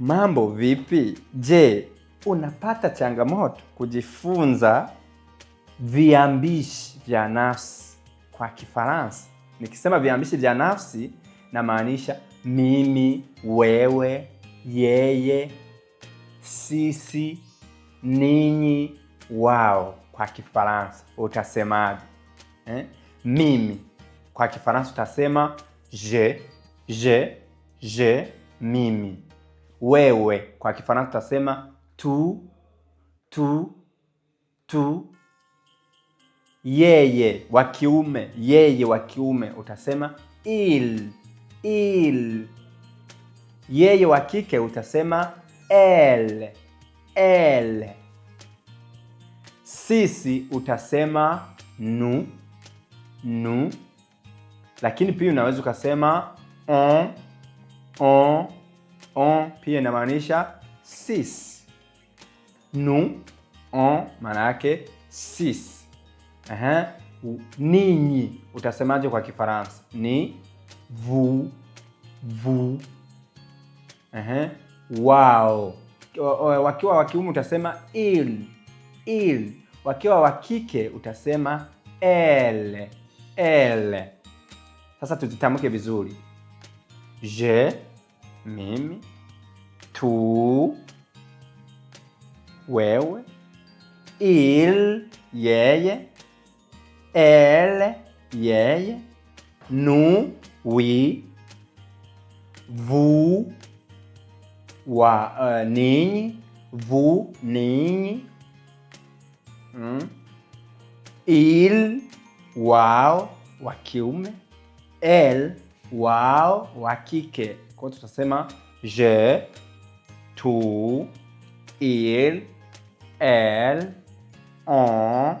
Mambo vipi? Je, unapata changamoto kujifunza viambishi vya nafsi kwa Kifaransa? Nikisema viambishi vya nafsi namaanisha mimi, wewe, yeye, sisi, ninyi, wao kwa Kifaransa utasemaje? Eh? Mimi kwa Kifaransa utasema je, je, je, mimi wewe. Kwa Kifaransa tutasema tu, tu, tu. Yeye wa kiume, yeye wa kiume utasema il, il. Yeye wa kike utasema el el. Sisi utasema nu, nu, lakini pia unaweza ukasema on, eh, on oh on pia inamaanisha sis. Nu, on maana yake sisi. Aha. Ninyi utasemaje kwa Kifaransa? Ni vu. vous. Aha. Wao wakiwa wa kiume utasema il, il. Wakiwa wa kike utasema elle, elle. Sasa tuzitamke vizuri. Je meme, tu, eu, il, ele, elle, yeah, nous, oui, vu, wa, uh, eh, nini, vous, nini, hum, il, uau, wow, o el, uau, wow, o que. Kwa hiyo tutasema je, tu, il, elle, on,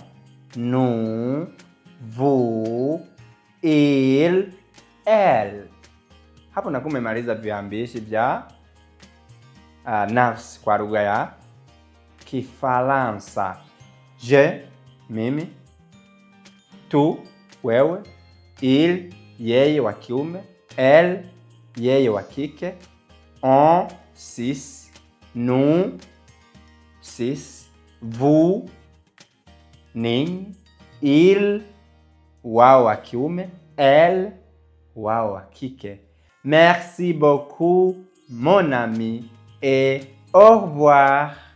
nous, vous, il, elle. Hapo nakuwa umemaliza viambishi vya uh, nafsi kwa lugha ya Kifaransa. Je, mimi, tu, wewe, il, yeye wa kiume, elle yeye wa kike, on, six, nous, six, vous, nin il, wao wa kiume, elle, wao wa Merci beaucoup mon ami et au revoir.